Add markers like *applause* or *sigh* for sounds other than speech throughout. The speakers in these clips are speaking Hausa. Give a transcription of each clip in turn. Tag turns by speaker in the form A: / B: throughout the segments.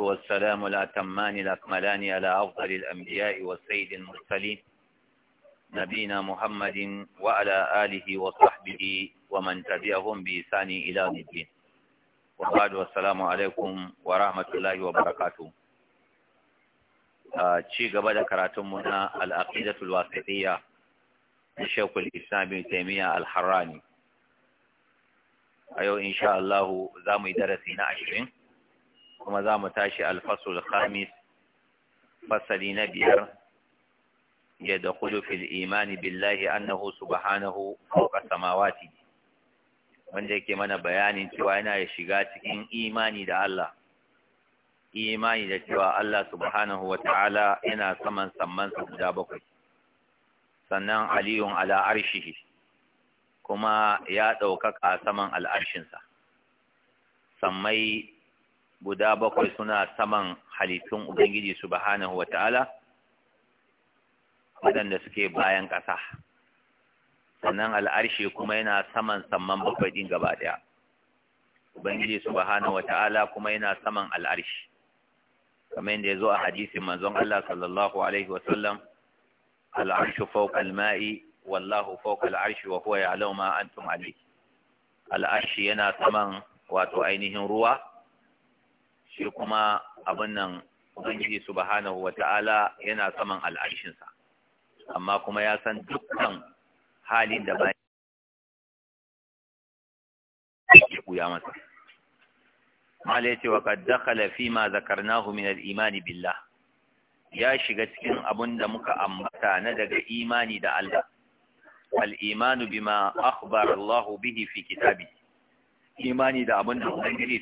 A: والسلام الأتمان الأكملان على أفضل الأنبياء والسيد المرسلين نبينا محمد وعلى آله وصحبه ومن تبعهم بإحسان إلى الدين وبعد والسلام عليكم ورحمة الله وبركاته ci gaba da karatunmu na al'aqidatul wasiqiyya na Sheikhul Islam bin Taymiyyah al-Harrani a yau insha Allah za mu yi darasi na ashirin. kuma za mu tashi alfasul khamis fasali na biyar ya da fil imani billahi annahu subhanahu fawqa samawati wanda yake mana bayanin cewa yana ya shiga cikin imani da Allah imani da cewa Allah subhanahu wa ta'ala yana saman sammansa guda bakwai sannan aliyun ala arshihi kuma ya ɗaukaka saman al'arshinsa sammai guda bakwai suna saman halittun ubangiji subhanahu wa ta'ala waɗanda suke bayan ƙasa sannan al'arshe kuma yana saman saman bakwai ɗin gaba ɗaya ubangiji subhanahu wa ta'ala kuma yana saman al'arshi kamar da ya zo a hadisin manzon Allah sallallahu alaihi wasallam al’arshe fawqa mai wallahu fawqa al-arshi wa huwa ya ma antum alayhi al'arshi yana saman wato ainihin ruwa shi kuma abin nan ubangiji subhanahu wata'ala yana saman al'arshinsa amma kuma ya san dukkan halin da bayan yake kuya masa mala yace wa qad dakhala fi ma zakarnahu min al-iman billah ya shiga cikin abin da muka ambata na daga imani da Allah al bi bima akhbara Allah bihi fi kitabi imani da abin da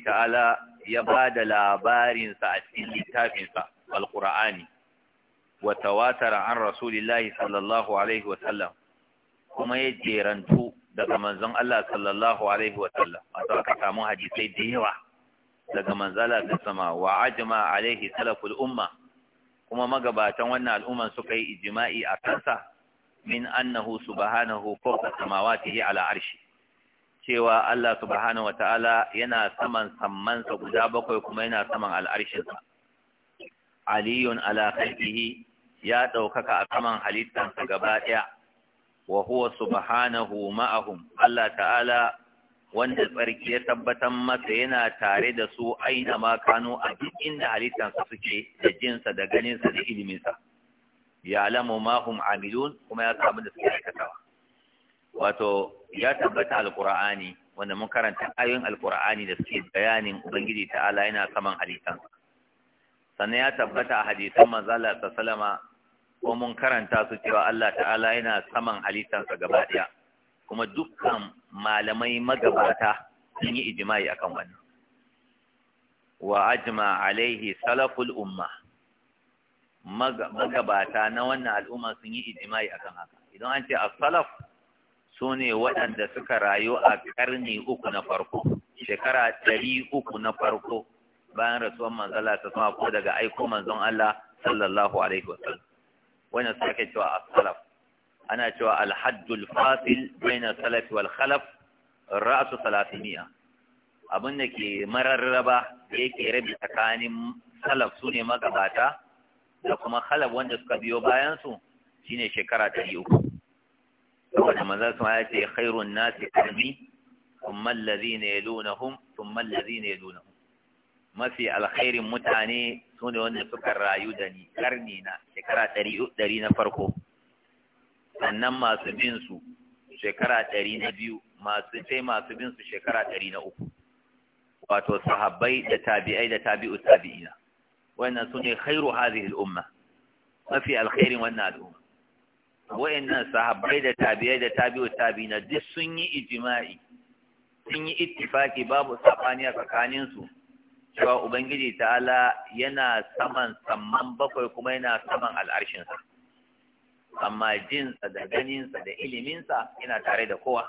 A: ta'ala ya ba da labarinsa a cikin littafinsa alkur'ani wa tawatara an rasulillahi sallallahu alaihi wasallam kuma ya jerantu daga manzon Allah sallallahu alaihi wasallam wato aka samu hadisai da yawa daga manzala ta sama wa ajma alaihi salaful umma kuma magabatan wannan al'umman suka yi ijma'i a kansa min annahu subhanahu fawqa samawatihi ala arshi cewa Allah subhanahu wa yana saman sammansa guda bakwai kuma yana saman al'arshinsa. Aliyun ala ya ɗaukaka a saman halittansa gaba ɗaya, wa huwa subhanahu ma'ahum Allah ta'ala wanda tsarki ya tabbatar masa yana tare da su aina ma a duk inda halittansa suke da jinsa da ganinsa da iliminsa. Ya lamu ma amilun kuma ya samu da suke aikatawa. wato ya tabbata alqur'ani wanda mun karanta ayoyin alqur'ani da suke bayanin ubangiji ta'ala yana saman hadisan sannan ya tabbata a hadisan manzo Allah Salama, ko mun karanta su cewa Allah ta'ala yana saman sa gaba daya kuma dukkan malamai magabata sun yi ijma'i akan wannan wa ajma alaihi salaful umma magabata na wannan al'umma sun yi ijma'i akan haka idan an ce as-salaf su ne waɗanda suka rayu a ƙarni uku na farko shekara ɗari uku na farko bayan rasuwan manzala ta sama ko daga aiko manzon Allah sallallahu alaihi wasallam wannan su ake cewa as-salaf ana cewa al-haddul fasil bayna salaf wal khalaf ra'su salatiniya abin da ke mararraba da yake rabi tsakanin salaf su ne magabata da kuma khalaf wanda suka biyo bayan su shine shekara ɗari uku saboda manzon sama ya ce khairun nasi qarni thumma alladhina yalunhum thumma alladhina yalunhum mafi alkhairin mutane sune wanda suka rayu da ni karni na shekara ɗari na farko sannan masu bin su shekara ɗari na biyu masu sai masu bin su shekara ɗari na uku wato sahabbai da tabi'ai da tabi'u tabi'ina wannan su ne khairu hadhihi al-umma mafi alkhairin wannan al'umma wa'annan sahabbai da tabi'ai da tabi na duk sun yi ijima'i sun yi ittifaki babu sabani a tsakanin su cewa ubangiji ta'ala yana saman samman bakwai kuma yana saman al'arshin sa amma jinsa da ganinsa da iliminsa yana tare da kowa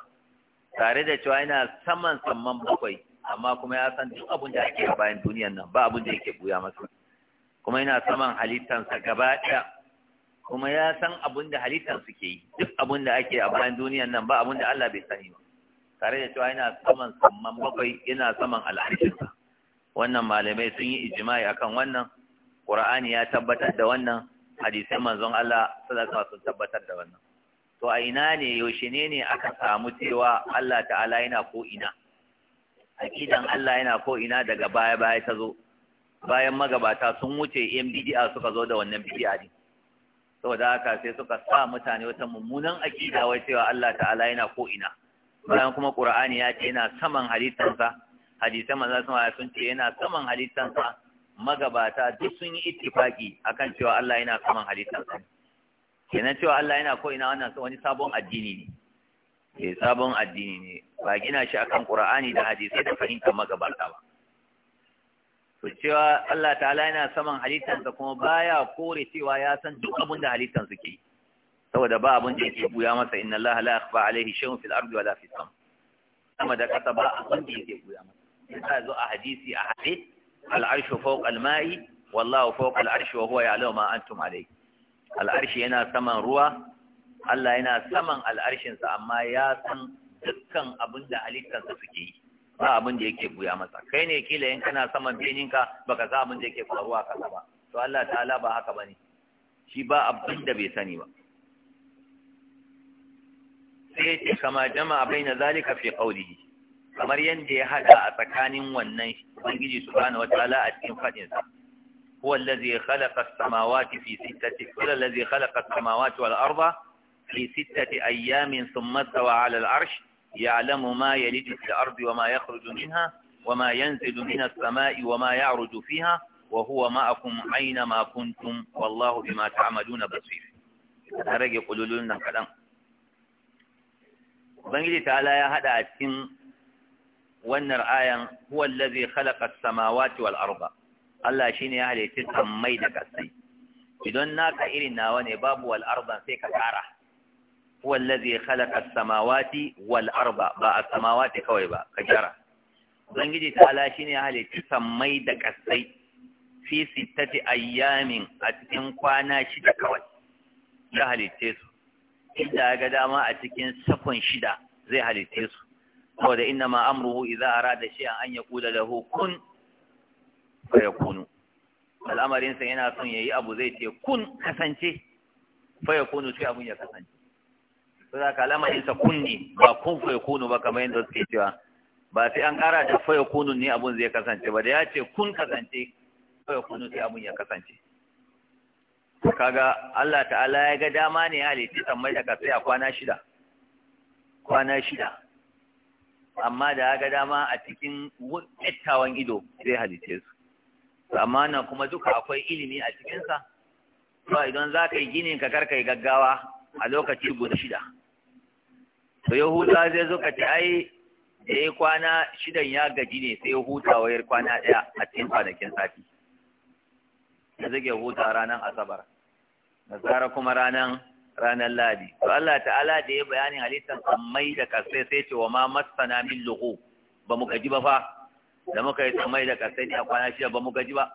A: tare da cewa yana saman samman bakwai amma kuma ya san duk abin da ake a bayan duniyan nan ba abin da yake buya masa kuma yana saman halittansa gaba ɗaya kuma ya san abin da halittar suke yi duk abin da ake a bayan duniyan nan ba abin da Allah bai sani ba tare da cewa yana saman saman bakwai yana saman al'adunsa. wannan malamai sun yi ijimai akan wannan Qur'ani ya tabbatar da wannan hadisai manzon Allah sallallahu alaihi sun tabbatar da wannan to a ina ne yaushe ne ne aka samu cewa Allah ta'ala yana ko ina aqidan Allah yana ko ina daga baya baya ta zo bayan magabata sun wuce yan bid'a suka zo da wannan bid'a din saboda haka sai suka sa mutane wata mummunan aƙida wai cewa Allah ta'ala yana ko ina bayan kuma Qur'ani ya ce yana saman halittansa hadisan manzo sama sun ce yana saman halittansa magabata duk sun yi ittifaki akan cewa Allah yana saman halittansa kenan cewa Allah yana ko ina wannan wani sabon addini ne eh sabon addini ne ba gina shi akan Qur'ani da hadisi da fahimta magabata ba to cewa Allah ta'ala yana saman halittansa kuma baya kore cewa ya san duk abin da halittan suke saboda ba abin da yake buya masa inna Allah la yakhfa alayhi shay'un fil ardi wala fis sama sama da kasa ba abin da yake buya masa sai zo a hadisi a hadith al arshu fawqa al ma'i wallahu fawqa al arshi wa huwa ya'lamu ma antum alayhi al arshi yana saman ruwa Allah yana saman al arshin sa amma ya san dukkan abin da halittansa suke yi ba abin da yake buya masa kai ne kila in kana saman beninka baka sa abin da yake faruwa kasa ba to Allah ta'ala ba haka bane shi ba abin da bai sani ba sai ce kama jama'a bai na zalika fi qawlihi kamar yanda ya hada a tsakanin wannan ubangiji subhanahu wataala a cikin fadin sa huwa allazi khalaqa as-samawati fi sittati huwa allazi khalaqa as-samawati wal arda fi sittati ayyamin thumma stawa 'ala al-'arsh يعلم ما يلج في الأرض وما يخرج منها وما ينزل من السماء وما يعرج فيها وهو معكم أينما كنتم والله بما تعملون بصير rage kululun nan kaɗan. Ubangiji ta ya haɗa a cikin wannan ayan huwan lazi khalaƙa samawati wal arba. Allah shi ne ya halitta sammai da kasai. Idan naka irin nawa ne babu wal sai ka kara. wallazi khalaqa as-samawati wal arda ba as-samawati kawai ba ka jara ubangiji ta'ala shine ya halitta sammai da kasai fi sittati ayyamin a cikin kwana shida kawai ya halitte su inda ga dama a cikin sakon shida zai halitte su saboda inna ma amruhu idza arada shay'an an yaqula lahu kun fayakunu al'amarin sa yana son yayi abu zai ce kun kasance fayakunu sai abun ya kasance saboda ka lamarin sa kunni ba kun fa yakunu ba kamar yadda suke cewa ba sai an kara da fa yakunu ne abun zai kasance ba da ya ce kun kasance fa yakunu sai abun ya kasance kaga Allah ta'ala ya ga dama ne ya halitta tambayar da ka sai a kwana shida kwana shida amma da ya ga dama a cikin wuttawan ido zai halitta su amma nan kuma duka akwai ilimi a cikinsa ba idan za ka yi ginin ka karka yi gaggawa a lokaci guda shida to yahudawa zai zo ce ai da ya kwana shidan ya gaji ne sai hutawa wa kwana ɗaya a cikin kwanakin sati da zai huta ranar asabar da tsara kuma ranar ranar ladi to Allah ta'ala da ya bayanin halittar sammai da kasai sai ce wa ma masana min lugu ba mu gaji ba fa da muka yi sammai da kasai ne a kwana shida ba mu gaji ba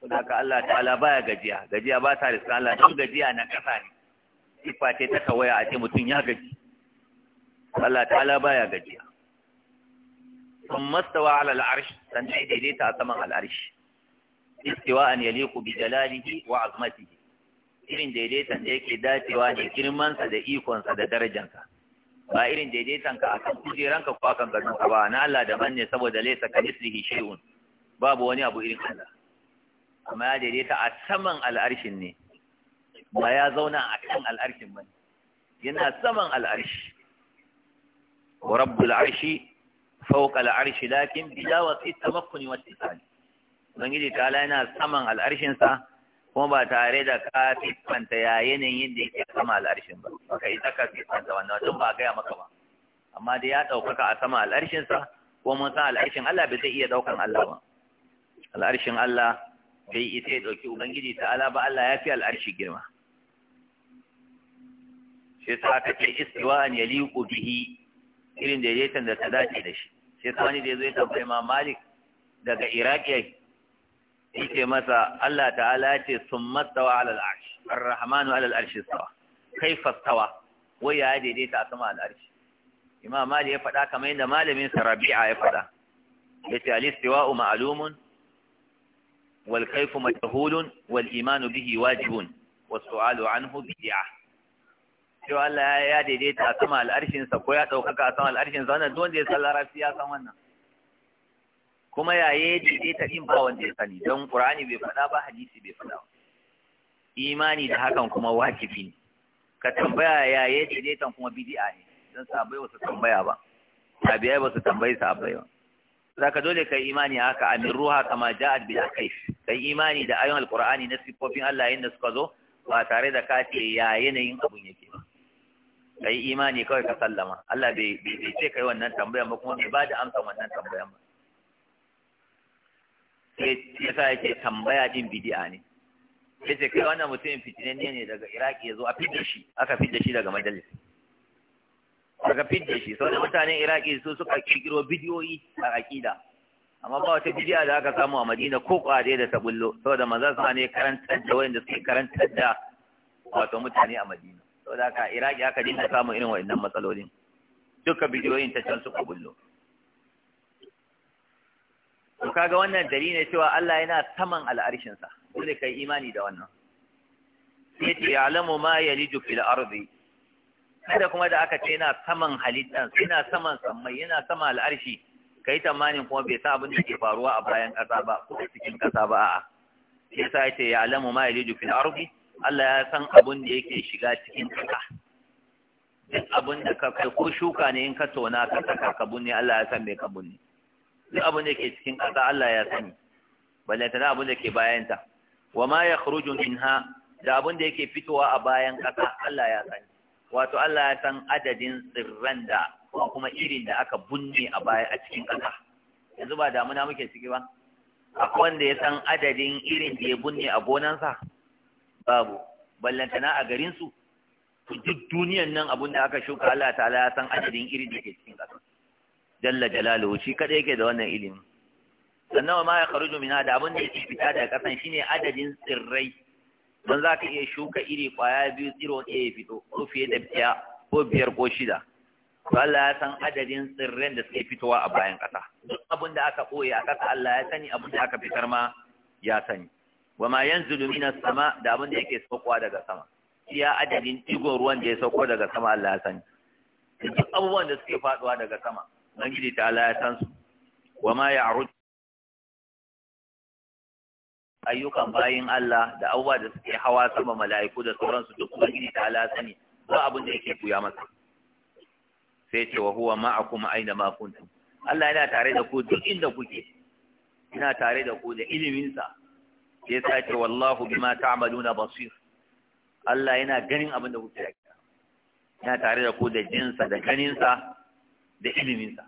A: don haka Allah ta'ala baya gajiya gajiya ba ta riska Allah don gajiya na kasa ne sifa ce ta tawaya a ce mutum ya gaji Allah ta'ala baya gajiya Sun ثم استوى saman al'arshi istiwa an yali ku bi jalalihi wa azmatihi irin daidaitan da yake dacewa da girmansa da ikonsa da darajansa ba irin daidaitan ka akan kujeranka ko akan gadonka ba na Allah da manne saboda laisa ka mislihi shi'un babu wani abu irin Allah amma ya daidaita a saman al'arshin ne ba ya zauna a kan al'arshin ba yana saman al'arshi ورب العرش فوق العرش لكن بجاوز التمكن والاتصال ubangiji ta ala yana saman al'arshinsa kuma ba tare da ka siffanta ya yanayin da yake sama al'arshin ba ba ka isa ka siffanta wannan wajen ba gaya maka ba amma da ya ɗaukaka a sama al'arshinsa ko mun san al'arshin Allah bai zai iya ɗaukan Allah ba al'arshin Allah bai isa ya ɗauki ubangiji ta ala ba Allah ya fi al'arshi girma shi yasa aka ce istiwa an yaliqu bihi irin daidaiton da ta dace da shi sai ta wani da ya zo ya tambaye ma malik daga iraki ce masa Allah ta'ala ce sun mastawa alal arshi An rahmanu alal arshi sawa kai fastawa wai ya daidaita a sama al arshi imam malik ya faɗa kamar yadda malamin sa rabi'a ya faɗa yace al istiwa'u ma'lumun wal kayfu majhulun wal imanu bihi wajibun was su'alu anhu bid'ah cewa Allah ya daidaita a sama al'arshinsa ko ya ɗaukaka a sama al'arshinsa wannan duk wanda ya san larabci ya san wannan kuma yaye daidaita ɗin ba wanda ya sani don ƙur'ani bai faɗa ba hadisi bai faɗa ba imani da hakan kuma wajibi ne ka tambaya yaye daidaitan kuma bid'a ne don sabai wasu tambaya ba tabi'ai ba su tambayi sabai ba zaka dole kai imani haka amin ruha kama ja'at bil akayf kai imani da ayoyin alqur'ani na sifofin Allah yanda suka zo ba tare da ka ce ya yanayin abun yake ba ka yi imani kawai ka sallama Allah bai ce ka yi wannan tambayan ba kuma bai ba da amsa wannan tambayan ba sai ya sa yake tambaya din bidi'a ne ya ce kai wannan mutumin fitinanne ne daga iraki ya zo a fidda shi aka fidda shi daga majalis aka fidda shi sau da mutanen iraki su suka kirkiro bidiyoyi a aƙida amma ba wata bidiya da aka samu a madina ko kwade da ta bullo saboda maza su ne karantar da wayanda suke karantar da wato mutane a madina saboda haka iraki aka dinga samun irin wa'annan matsalolin duka bidiyoyin ta can suka bullo to kaga wannan dalilin cewa Allah yana saman al'arshin sa dole kai imani da wannan sai ce ya'lamu ma yaliju fil ardi kada kuma da aka ce yana saman halittan yana saman samman yana sama al'arshi kai tamanin kuma bai san abin da ke faruwa a bayan kasa ba ko cikin kasa ba a'a sai sai ce ya'lamu ma yaliju fil ardi Allah ya san abin da yake shiga cikin ƙasa duk abin da ka kai ko shuka ne in ka tona ka saka ka bunne Allah ya san me ka bunne duk abin da yake cikin ƙasa Allah ya sani balle ta abin da ke bayan ta wa ma yakhruju minha da abin da yake fitowa a bayan ƙasa Allah ya sani wato Allah ya san adadin tsirran da ko kuma irin da aka bunne a baya a cikin ƙasa yanzu ba damuna muke ciki ba akwai wanda ya san adadin irin da ya bunne a gonansa babu ballantana a garin su duk duniyan nan abun da aka shuka Allah ta'ala ya san adadin irin da ke cikin ƙasa jalla jalaluhu shi kada yake da wannan ilimi sannan ma ya kharuju min da abun da yake fita daga ƙasan shine adadin tsirrai don za ka iya shuka iri ƙwaya biyu tsiro ɗaya ya fito ko fiye da ɗaya ko biyar ko shida to Allah ya san adadin tsirran da suke fitowa a bayan ƙasa duk abun da aka ɓoye a ƙasa Allah ya sani abun da aka fitar ma ya sani wa ma yanzilu minas sama da abin da yake saukowa daga sama iya adadin digon ruwan da ya sauko daga sama Allah ya sani duk abubuwan da suke faduwa daga sama gidi ta Allah ya san su wa ma aru ayyukan bayin Allah da abubuwa da suke hawa sama mala'iku da sauransu duk gidi ta Allah ya sani ba abin da yake buya masa sai ce wa huwa ma'akum aina ma kuntum Allah yana tare da ku duk inda kuke yana tare da ku da iliminsa ya sake wallahu bima ta'maluna basir Allah yana ganin abin da kuke yi yana tare da ku da jinsa da ganinsa da iliminsa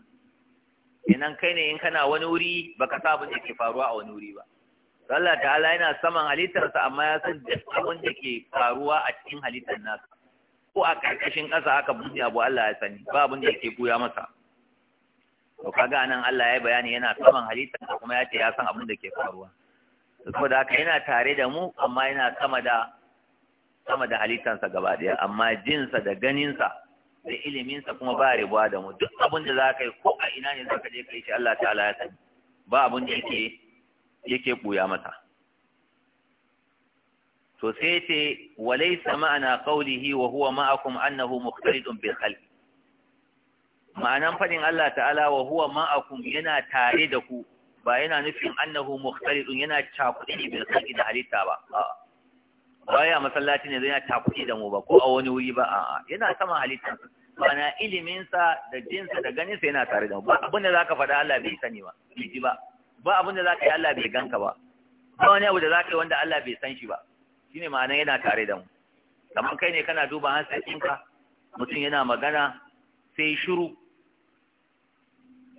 A: idan kai ne in kana wani wuri baka sa abin da ke faruwa a wani wuri ba Allah ta'ala yana saman halittarsa amma ya san duk abin da ke faruwa a cikin halittar nasa ko a karkashin ƙasa aka buɗe abu Allah ya sani ba abin da ke goya masa to kaga nan Allah ya bayani yana saman halittarsa kuma ya ce ya san abin da ke faruwa da haka yana tare da mu amma yana sama da sama da halittansa gaba ɗaya amma jinsa da ganinsa da iliminsa kuma ba rabuwa da mu duk abin da za ka yi ko a ina ne za ka je ka yi shi Allah ta'ala ya sani ba abin da yake yake buya masa to sai ce laysa ma'ana qawlihi wa huwa ma'akum annahu mukhtalidun bil khalq ma'anan fadin Allah ta'ala wa huwa ma'akum yana tare da ku ba yana nufin annahu mukhtalidun yana cakuɗi ne bil khalqi da halitta ba ba ya masallaci ne zai cakuɗi da mu ba ko a wani wuri ba a'a yana sama halitta bana ilimin sa da sa da ganin sa yana tare da mu ba abin da zaka faɗa Allah bai sani ba bai ji ba ba abin da zaka yi Allah bai ganka ba ba wani abu da zaka yi wanda Allah bai san shi ba shine ma'anar yana tare da mu kamar kai ne kana duba hansakinka mutum yana magana sai shiru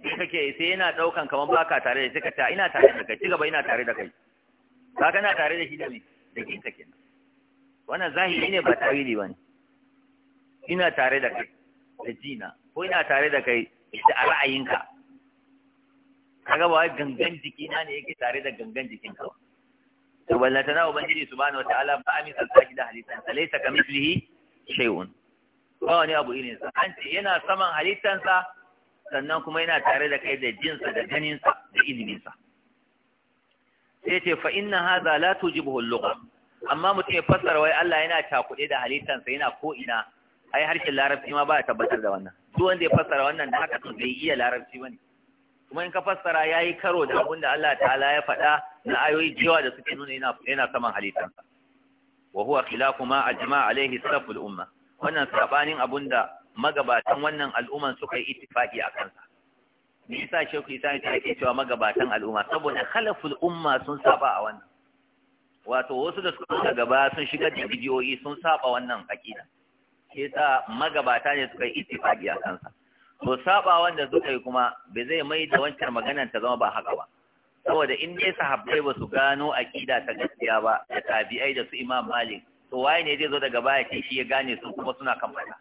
A: sai kake sai yana daukan kamar baka tare da shi kace ina tare da kai shi gaba ina tare da kai ka kana tare da shi da ni da kinka kenan wannan zahiri ne ba tawili bane ina tare da kai da jina ko ina tare da kai da ra'ayinka kaga ba gangan jikina ne yake tare da gangan jikinka ka to wallata na ubangiji subhanahu wataala ba amin sallaki da halitan sa laysa kamithlihi shay'un ba wani abu irin sa an ce yana saman halittan sa sannan kuma yana tare da kai da jinsa da ganinsa da iliminsa sai ce fa inna hadha la tujibuhu al amma mutum ya fassara wai Allah yana takude da halittansa yana ko'ina. ai harshen larabci ma ba a tabbatar da wannan Su wanda ya fassara wannan da haka sun bai iya larabci ne. kuma in ka fassara yayi karo da abin da Allah ta'ala ya faɗa na ayoyi jewa da suke nuna yana yana saman halittansa wa huwa khilafu ma ajma alaihi saful umma wannan sabanin abunda magabatan wannan al'umman suka yi ittifaqi a kansa me yasa shehu isa ya ce cewa magabatan al'umma saboda khalaful umma sun saba a wannan wato wasu da suka gaba sun shiga da bidiyoyi sun saba wannan aqida Ke sa magabata ne suka yi ittifaqi a kansa to saba wanda suka yi kuma bai zai mai da wancan maganar ta zama ba haka ba saboda in dai sahabbai ba su gano aqida ta gaskiya ba da tabi'ai da su imam malik to waye ne zai zo daga baya ce shi ya gane su kuma suna kan fada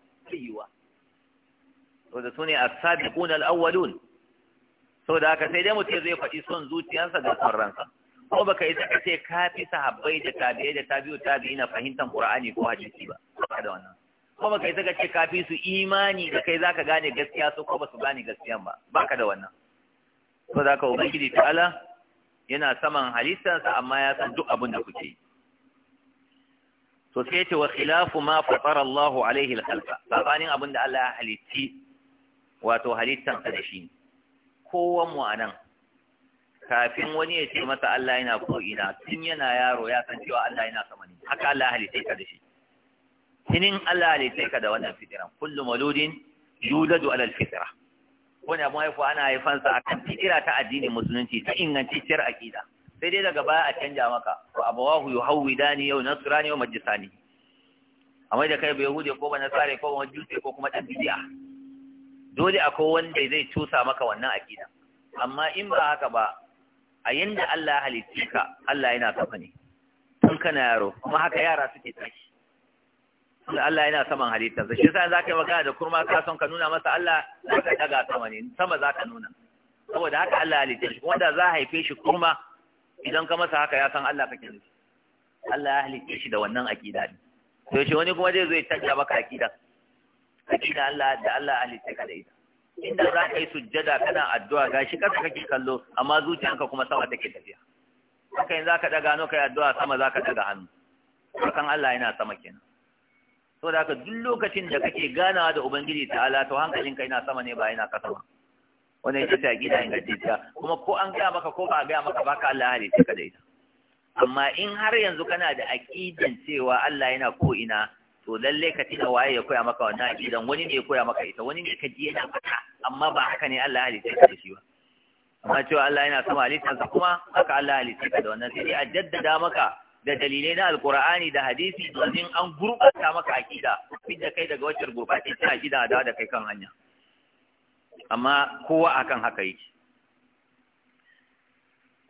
A: saboda su ne as-sabiquna al Sau da aka sai dai mutum zai faɗi son zuciyarsa da son ransa ko baka yi saka ce ka fi sahabbai da tabi'ai da tabi'u tabi'i na fahimtar qur'ani ko hadisi ba baka da wannan ko baka yi saka ce ka fi su imani da kai zaka gane gaskiya su ko su gane gaskiyan ba ba ka da wannan saboda haka ubangiji ta'ala yana saman halittarsa amma ya san duk abin da kuke yi So sai ce wa khilafu ma fatara Allahu alaihi al-khalqa sabanin abin da Allah ya halitti wato halittar da shi kowan anan kafin wani ya ce masa Allah yana koina ina tun yana yaro ya san cewa Allah yana sama ne haka Allah ya halitta ka da shi tinin Allah ya halitta ka da wannan fitira kullu mauludin yuladu ala alfitra wani abu haifu ana haifansa akan fitira ta addinin musulunci ta ingantacciyar aqida sai dai daga baya a canja maka wa abawahu yuhawidani yau nasrani yau majisani amma da kai bai hude ko ba nasare ko ba majusi ko kuma dan bid'a dole akwai wanda zai cusa maka wannan aqida amma in ba haka ba a yanda Allah ya halitta ka Allah yana sama ne tun kana yaro kuma haka yara suke tashi da Allah yana saman halitta Sai sai za ka yi magana da kurma ka son ka nuna masa Allah za ka daga sama ne sama za ka nuna saboda haka Allah ya halitta shi wanda za a haife shi kurma idan ka masa haka ya san Allah kake nufi Allah ya halitta shi da wannan aqida ne to shi wani kuma zai zo ya tacca maka aqida hakika Allah da Allah halitta ka da ita inda za ka yi sujjada kana addu'a gashi kanka kake kallo amma zuciyanka kuma sama take tafiya haka yanzu ka daga hannu kai addu'a sama za ka daga hannu kan Allah yana sama kenan da haka duk lokacin da kake ganawa da ubangiji Allah to hankalinka yana sama ne ba yana kasa ba wannan ita ta gida ingantacciya kuma ko an gaya maka ko ba a gaya maka baka Allah halitta ka da ita amma in har yanzu kana da aqidan cewa Allah yana ko ina to lalle ka tuna waye ya koya maka wannan akidan wani ne ya koya maka ita wani ne ka ji yana fata amma ba haka ne Allah halitta ka da shi ba amma cewa Allah yana sama sa kuma haka Allah halitta ka da wannan sai a jaddada maka da dalilai na Alqur'ani da hadisi domin an gurɓata maka akida da kai daga wacce gurbata ta akida da da kai kan hanya amma kowa akan haka yake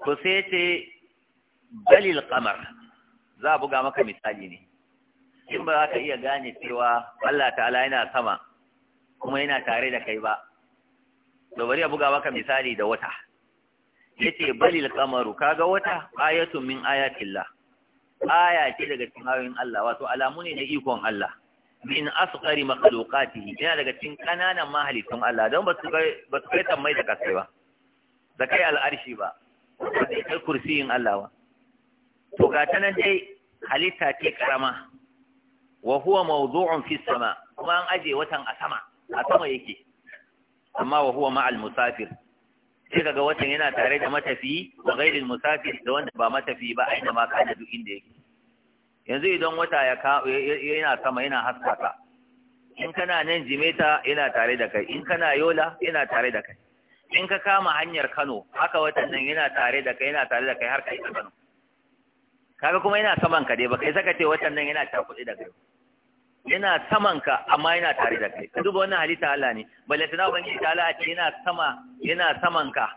A: to sai ce balil qamar za a buga maka misali ne in ba za ka iya gane cewa Allah ta'ala yana sama kuma yana tare da kai ba to bari a buga maka misali da wata yace balil qamaru kaga wata ayatun min ayatillah aya ce daga cikin ayoyin Allah wato alamu ne na ikon Allah min asqari makhluqatihi yana daga cikin kananan mahalittun Allah don ba su ba su kai tamai da kasai ba da kai al'arshi ba da kai kursiyin Allah ba to ga tanan dai halitta ce karama wa huwa mawdu'un fi sama kuma an aje watan a sama a sama yake amma wa huwa ma'al musafir sai kaga watan yana tare da matafi wa ghairil musafir da wanda ba matafi ba a aina ma da duk inda yake yanzu idan wata ya ka yana sama yana haskaka in kana nan jimeta yana tare da kai in kana yola yana tare da kai in ka kama hanyar Kano haka watan nan yana tare da kai yana tare da kai har kai Kano kaga kuma yana saman ka dai baka yi saka ce watan nan yana kuɗi da kai yana saman ka amma yana tare da kai ka duba wannan halitta Allah ne balle tana ubangiji ta Allah ce yana sama yana saman ka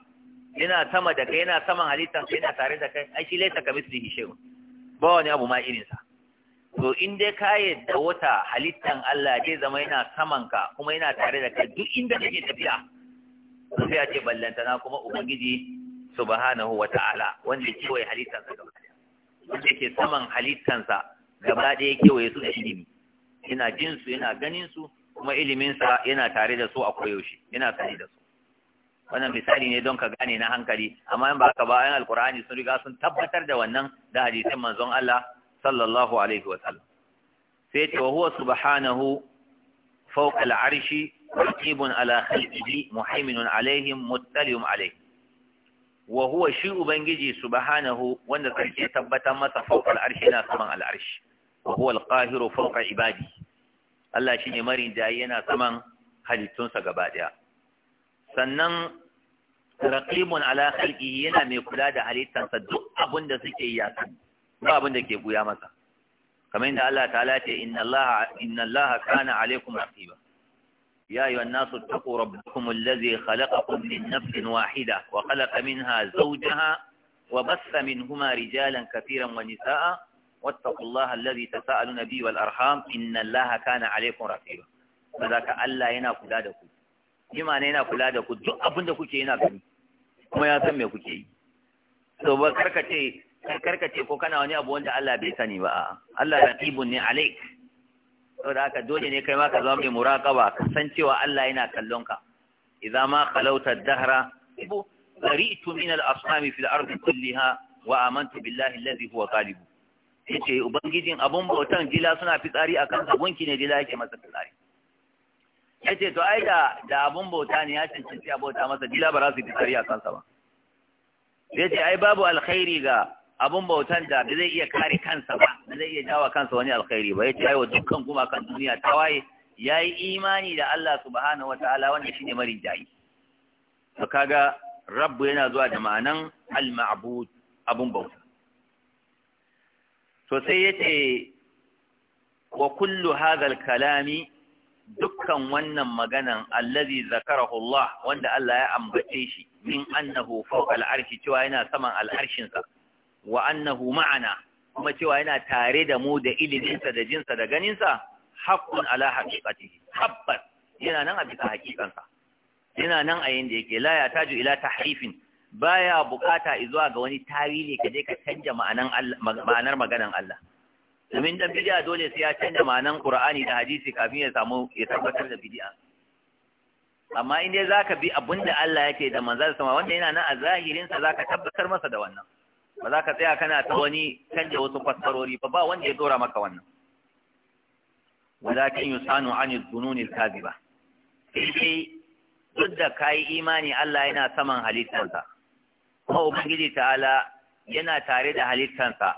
A: yana sama da kai yana saman halitta yana tare da kai ai shi laita ka mislihi shay'un ba wani abu ma irin sa to in dai ka yadda wata halittan Allah zai zama yana saman ka kuma yana tare da kai duk inda kake tafiya sai a ce na kuma ubangiji subhanahu wata'ala wanda ya kewaye halittansa gaba ɗaya wanda ke saman halittansa gaba ɗaya kewaye su da ne yana jinsu, ina yana ganin su kuma iliminsa yana tare da su a koyaushe yana sani da su wannan misali ne don ka gane na hankali amma in ba ka ba ayan alqur'ani sun riga sun tabbatar da wannan da hadisin manzon Allah sallallahu alaihi wa sallam sai ce wa huwa subhanahu fawqa al'arshi raqibun ala khalqihi muhaiminun alaihim muttaliun alaihim wa huwa shi ubangiji subhanahu wanda sarki tabbatar masa fawqa al'arshi na saman al'arshi wa huwa al-qahiru fawqa ibadi Allah shine marin da yana saman halittunsa gaba daya sannan raqimun ala khalqihi yana mai kula da halittansa duk abin da suke yi yasan ba abin da ke buya masa kamar yadda Allah ta'ala ce inna Allah inna Nasu kana alaikum raqiba يا أيها الناس اتقوا ربكم الذي خلقكم من نفس واحدة وخلق منها زوجها وبث منهما رجالا كثيرا ونساء واتقوا الله الذي تساءلون به والأرحام إن الله كان عليكم رقيبا فذاك الله yana kula da ku jima ne yana kula da ku duk abin da kuke yana gani kuma ya san me kuke yi to ba karkace karkace ko kana wani abu wanda Allah bai sani ba Allah raqibun ne alaik saboda haka dole ne kai ma ka zama mai muraqaba ka san cewa Allah yana kallon ka idza ma khalawta ad-dahra bari'tu min al-asnami fil ardi kulliha wa amantu billahi alladhi huwa ghalibu yace ubangijin abun bautan jila suna fitsari kansa, gunki ne jila yake masa fitsari yace to ai da da abun bauta ne ya cancanci a bauta masa jila ba za su fitsari a kansa ba yace ai babu alkhairi ga abun bautan da zai iya kare kansa ba zai iya jawa kansa wani alkhairi ba yace ai wa dukkan kuma kan duniya ya yi imani da Allah subhanahu Ta'ala wanda shine jayi to kaga rabbu yana zuwa da ma'anan al-ma'bud abun bauta to sai yace wa kullu hadhal kalami dukkan wannan maganan allazi zakarahu Allah wanda Allah ya ambace shi min annahu fawqa al'arshi, cewa yana saman al sa wa annahu ma'ana kuma cewa yana tare da mu da ilimin sa da jinsa da ganin sa haqqun ala haqiqatihi yana nan a bisa hakikansa yana nan a yanda yake la ya taju ila tahrifin baya bukata zuwa ga wani tawili ka je ka canja ma'anar maganan Allah domin dan bid'a dole sai ya canja ma'anar Qur'ani da hadisi kafin ya samu ya tabbatar da bid'a amma in dai zaka bi abinda Allah yake da manzal sama wanda yana nan a zahirin sa zaka tabbatar masa da wannan ba za ka tsaya kana ta wani canja wasu fasarori ba ba wanda ya dora maka wannan walakin yusanu ani dhunun al-kadhiba sai duk da kai imani Allah yana saman halittarsa kuma ubangiji ta'ala yana tare da halittansa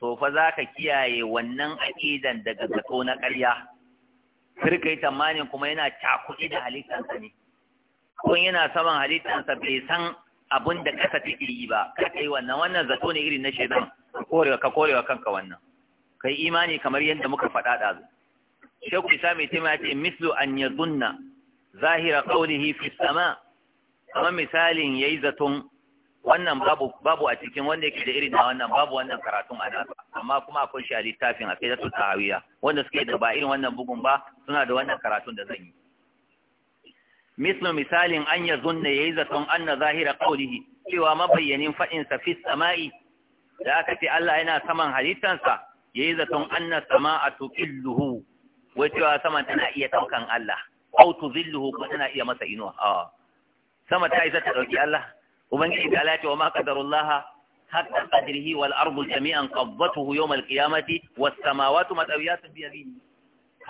A: to fa za ka kiyaye wannan aƙidan daga zato na ƙarya kar ka yi tamanin kuma yana cakuɗi da halittansa ne kun yana saman halittansa bai san abin da ƙasa take yi ba kar ka yi wannan wannan zato ne irin na shaidan ka korewa kanka wannan kai imani kamar yadda muka faɗa ɗazu shekku isa mai taimaka ce mislu an ya zunna zahira ƙaunihi fi sama kamar misalin ya yi zaton wannan babu babu a cikin wanda yake da irin na wannan babu wannan karatun a nasa amma kuma akwai shi a littafin a kaidatu tawiya wanda suke da ba irin wannan bugun ba suna da wannan karatun da zan yi mislu misalin an ya zunna yayi zaton anna zahira qawlihi cewa mabayyanin fa'in sa fi samai da aka ce Allah yana saman halittansa yayi zaton anna samaa tuqilluhu wai cewa saman tana iya daukan Allah au tuzilluhu ko tana iya masa inuwa sama ta isa ta dauki Allah ubangiji da Allah ya ce wa ma qadarullah hatta qadrihi wal ardu jami'an qabdatuhu yawm al qiyamati was samawati matawiyatun bi yamini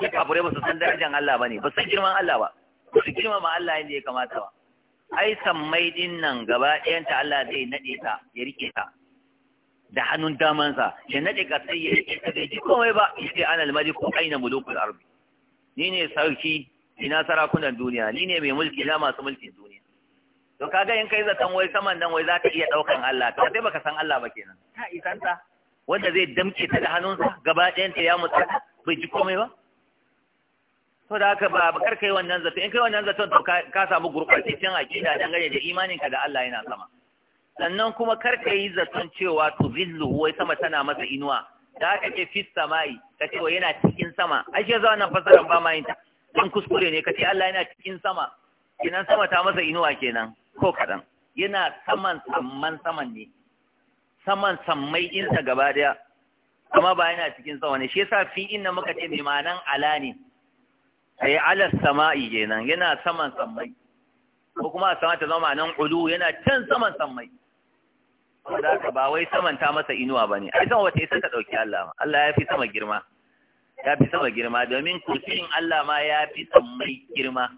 A: ke kafure ba su san darajar Allah bane ba san girman Allah ba ba su girma ma Allah yadda ya kamata ba ai sammai din nan gaba ɗayanta Allah zai nade ta ya rike ta da hannun damansa ya nade ka sai ya rike ta bai ji komai ba sai ana almaliku aina mulukul ardi ni ne sarki ina sarakunan duniya ni ne mai mulki ina masu mulkin duniya to kaga in kai zaton wai saman nan wai za ta iya ɗaukan Allah to sai baka san Allah ba kenan ta isanta wanda zai damke ta da hannunsa gaba ɗayan ta ya mutu? bai ji komai ba to da haka ba kar kai wannan zato in kai wannan zato to ka samu gurɓataccen aqida dangane da imaninka da Allah yana sama sannan kuma kar ka yi zaton cewa to zillu wai sama tana masa inuwa da haka ce fis sama'i ka ce wai yana cikin sama ai shi zuwa nan fasaran ba ma yin ta don kuskure ne ka ce Allah yana cikin sama kenan sama ta masa inuwa kenan ko kaɗan yana saman samman saman ne saman sammai insa gaba daya amma ba yana cikin sama ne shi yasa fi inna muka ce mai manan ala ne ai ala sama'i kenan yana saman sammai ko kuma a sama ta zama manan ulu yana can saman sammai saboda ka ba wai saman ta masa inuwa bane ai sama wata isa ta dauki Allah Allah ya fi sama girma ya fi sama girma domin kursiyin Allah ma ya fi sammai girma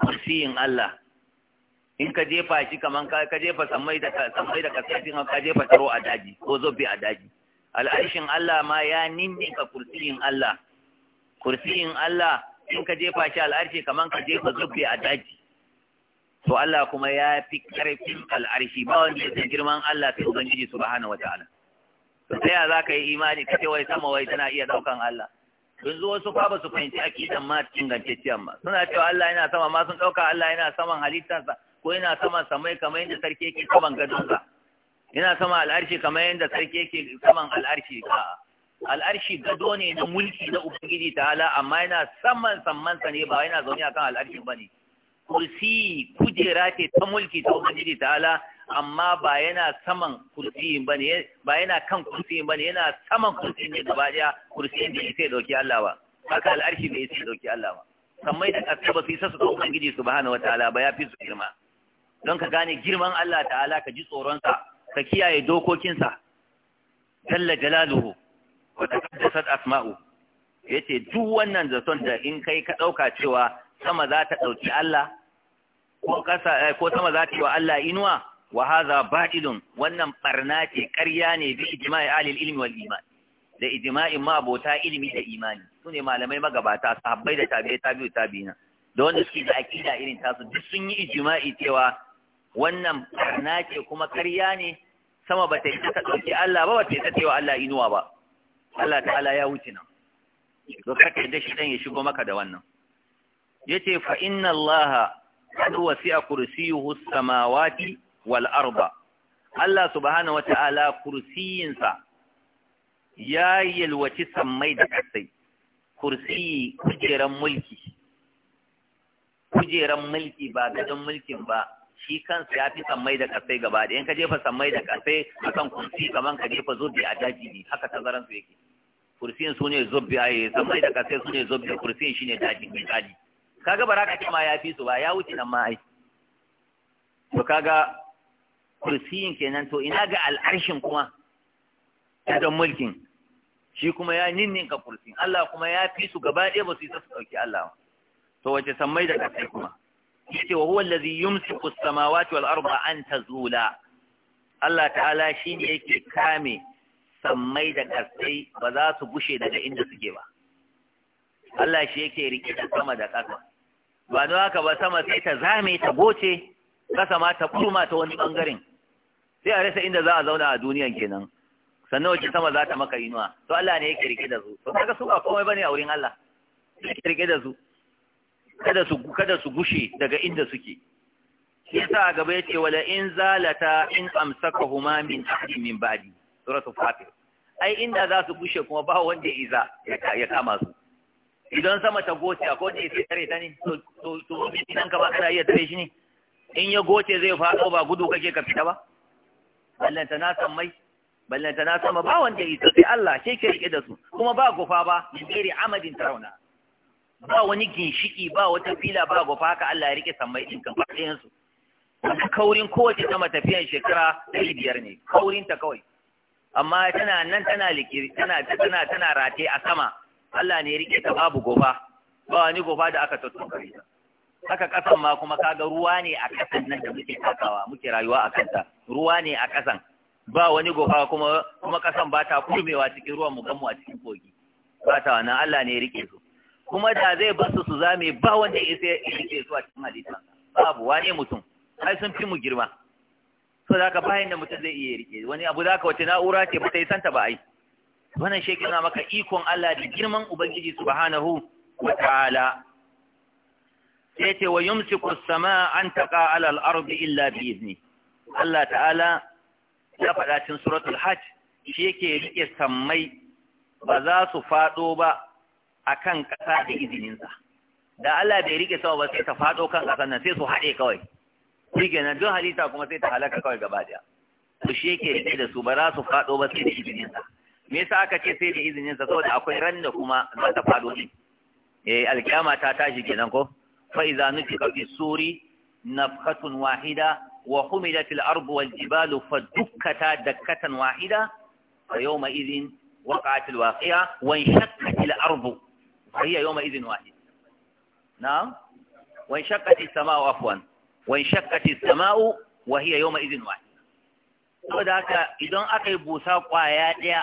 A: kursiyin Allah in ka jefa shi kaman ka jefa samai da samai da kasafin ka jefa taro a daji ko zobe a daji al'arshin Allah ma ya ka kursiyin Allah kursiyin Allah in ka jefa shi al'arshi kaman ka jefa zobe a daji to Allah kuma ya fi karfin al'arshi ba wanda ya girman Allah sai ubangiji subhanahu wataala to sai ya zaka yi imani ka ce wai sama wai tana iya daukan Allah yanzu wasu fa ba su fahimci akidan ma cikin gantacciyan ma suna cewa Allah yana sama ma sun dauka Allah yana saman halittarsa ko yana sama samai kamar yadda sarki yake saman gadonsa yana sama al'arshi kamar yadda sarki yake saman al'arshi ka al'arshi gado ne na mulki na ubangiji ta ala amma yana saman sa ne ba yana zaune akan al'arshi ba ne kursi kujera ce ta mulki ta ubangiji ta ala amma ba yana saman kursi ba ne ba yana kan kursi ba ne yana saman kursi ne gaba daya ne da sai dauki Allah ba haka al'arshi bai sai dauki Allah ba kamar da kasar ba su isa su ga ubangiji subhanahu wataala ba ya fi su girma don ka gane girman Allah ta'ala ka ji tsoronsa ka kiyaye dokokinsa talla jalaluhu wa taqaddasat asma'u yace duk wannan zaton da in kai ka dauka cewa sama za ta dauki Allah ko kasa eh, ko sama za ta yi wa Allah inuwa wa hadha ba'idun wannan barna ce ƙarya ne bi ijma'i ahlil ilmi wal iman da ijma'in ma abota ilmi da imani sune malamai magabata sahabbai da tabi'i tabi'u tabi'ina da wanda suke da aqida irin tasu duk sun yi ijma'i cewa wannan barna ce kuma karya ne sama ba ta yi ta ɗauki Allah ba ba ta yi ta cewa Allah inuwa ba Allah ta'ala ya wuce nan to kake da shi dan ya shigo maka da wannan yace fa inna Allah qad wasi'a kursiyuhu samawati wal arda Allah subhanahu wata'ala kursiyinsa ya yalwaci sammai da kasai kursiyi kujeran mulki kujeran mulki ba gadon mulkin ba shi kansa ya fi sammai da kasai gaba da in ka jefa sammai da kasai a kan kursi kaman ka jefa zubi a daji ne haka tazaran su yake kursiyin su ne zubi a yi sammai da kasai su ne zubbi kursiyin shi ne daji tsali kaga ba ka ce ma ya fi su ba ya wuce nan ma ai to kaga kursiyin kenan to ina ga al'arshin kuma ta mulkin shi kuma ya ninninka kursin Allah kuma ya fi su gaba ɗaya ba su yi ta su ɗauki Allah to wace sammai da kasai kuma yace wa huwa allazi yumsiku as-samawati wal arda an tazula Allah ta'ala shine yake kame sammai da ƙasai ba za su gushe daga inda suke ba Allah shi yake rike sama da ƙasa ba don haka ba sama sai ta zame ta goce ƙasa ma ta kuma ta wani bangaren sai a rasa inda za a zauna a duniyan kenan sannan wace sama za ta maka inuwa to Allah ne yake rike da su to kaga su ba komai bane a wurin Allah yake rike da su kada su kada su gushe daga inda suke shi yasa a gaba yace wala in zalata in amsakahuma min ahadin min ba'di suratul fatir ai inda za su gushe kuma ba wanda iza ya kama su idan sama ta goce akwai da sai tare ta ne to to nan ka ba kana iya tare shi ne in ya goce zai faɗo ba gudu kake ka fita ba ballanta na san mai ballanta na sama ba wanda isa sai Allah shi ke rike da su kuma ba gufa ba gere amadin tarauna ba wani ginshiki ba wata fila ba gufa haka Allah ya rike sammai din kan fadiyan su kaurin kowace sama tafiyan shekara ɗari biyar ne kaurin ta kawai amma tana nan tana likiri tana tana tana rate a sama Allah ne ya rike ta babu gofa ba wani gofa da aka tattaukare ta haka kasan ma kuma kaga ruwa ne a kasan nan da muke takawa muke rayuwa a kanta ruwa ne a kasan ba wani gofa kuma kuma kasan ba ta kurmewa cikin ruwan mu gamu a cikin kogi ba ta wannan Allah ne ya rike su kuma da zai bar su su zame ba wanda ya sai ya rike su cikin hadisan babu wane mutum ai sun fi mu girma so da ka bayan da mutum zai iya rike wani abu da ka wace na'ura ce ba ta yi santa ba ai wannan shi na maka ikon Allah da girman ubangiji subhanahu wa ta'ala sai ce wa yumsiku as-samaa an taqa 'ala al-ardi illa bi izni Allah ta'ala ya faɗa cikin suratul hajj shi yake rike sammai ba za su faɗo ba a kasa da izininsa da Allah bai rike sama ba sai ta fado kan ƙasan nan sai su haɗe kawai shi kenan duk halitta kuma sai ta halaka kawai gaba daya to shi yake rike da su ba za su fado ba sai da izininsa me yasa aka ce sai da izininsa saboda akwai ran da kuma za ta faɗo ne eh alkiyama ta tashi kenan ko fa idza nufika fi suri nafkatun wahida wa humilat al-ardu wal jibalu fadukkata dakkatan wahida fa yawma idhin waqa'at al-waqi'a wa inshaqqat ardu فهي يومئذ واحد نعم وانشقت السماء عفوا وانشقت السماء وهي يومئذ واحد saboda haka idan aka yi busa kwaya ɗaya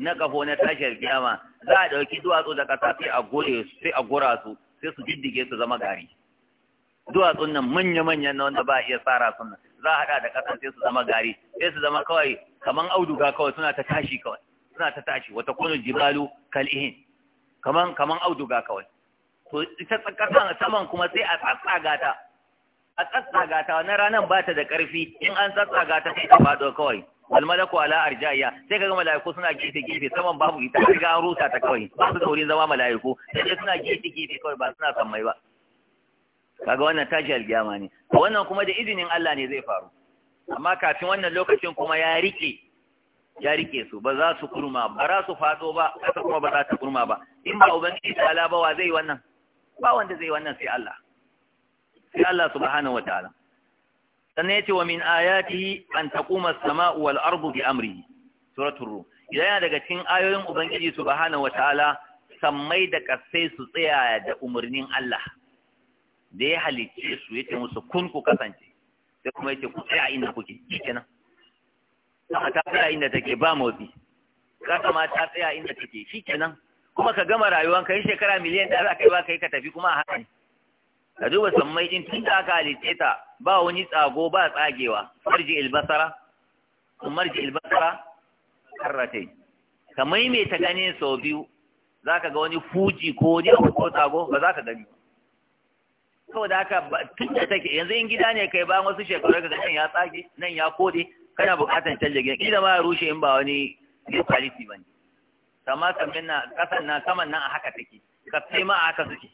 A: na kafo na tashar kiyama za a ɗauki duwatsu da ƙasa sai a gore sai a gora su sai su jiddige su zama gari duwatsun nan manya-manyan na wanda ba a iya tsara sun nan za a haɗa da ƙasan sai su zama gari sai su zama kawai kamar auduga kawai suna ta tashi kawai suna ta tashi wata kunu jibalu kal'ihin kaman kaman auduga kawai to ita tsakasan saman kuma sai a tsatsaga ta a tsatsaga ta wannan ranan ba ta da karfi in an tsatsaga ta sai ta fado kawai almalaku ala arjaiya sai kaga malaiku suna gefe gefe saman babu ita sai ga an rusa ta kawai ba su daure zama malaiku sai suna gefe gefe kawai ba suna sammai ba kaga wannan tashi alkiyama ne wannan kuma da izinin Allah ne zai faru amma kafin wannan lokacin kuma ya rike ya rike su ba za su kurma ba ra su fado ba kasa kuma ba za ta kurma ba in ba ubangiji ta ala ba wa zai wannan ba wanda zai wannan sai Allah sai Allah subhanahu wataala sannan yace wa min ayatihi an taquma as-sama'u wal ardu bi amrihi suratul rum idan yana daga cikin ayoyin ubangiji subhanahu wataala sammai da kasai su tsaya da umarnin Allah da ya halicce su yace musu kun ku kasance sai kuma yace ku tsaya inda kuke kenan sama ta tsaya inda take ba motsi ka ma ta tsaya inda take shi kenan kuma ka gama rayuwan ka yi shekara miliyan da za ka yi ba ka yi ka tafi kuma a haka ne ka duba sammai din tun da aka halitce ta ba wani tsago ba tsagewa marji ilbasara marji ilbasara karratai ka maimaita ganin sau biyu za ka ga wani fuji ko wani abu ko tsago ba za ka gani saboda haka tun da take yanzu in gida ne kai bayan wasu shekaru ka ga nan ya tsage nan ya kode kana bukatan canja gidan kila ma rushe in ba wani new quality bane amma samin na kasan na saman nan a haka take sai ma a haka suke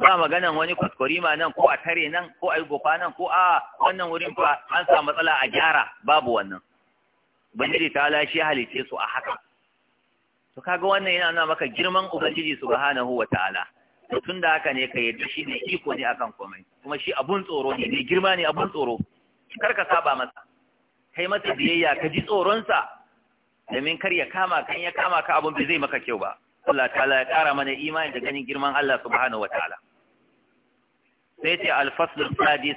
A: ba maganan wani kuskure ma nan ko a tare nan ko a yi gofa nan ko a wannan wurin fa an samu matsala a gyara babu wannan ubangiji ta lashe halice su a haka to kaga wannan yana nuna maka girman ubangiji subhanahu wataala to tun da haka ne ka yadda shi ne iko ne akan komai kuma shi abun tsoro ne ne girma ne abun tsoro kar ka saba masa kai masa biyayya ka ji tsoronsa domin kar ya kama kan ya kama ka abin bai zai maka kyau ba Allah ta'ala ya ƙara mana imani da ganin girman Allah subhanahu wa ta'ala sai ce alfaslul sadis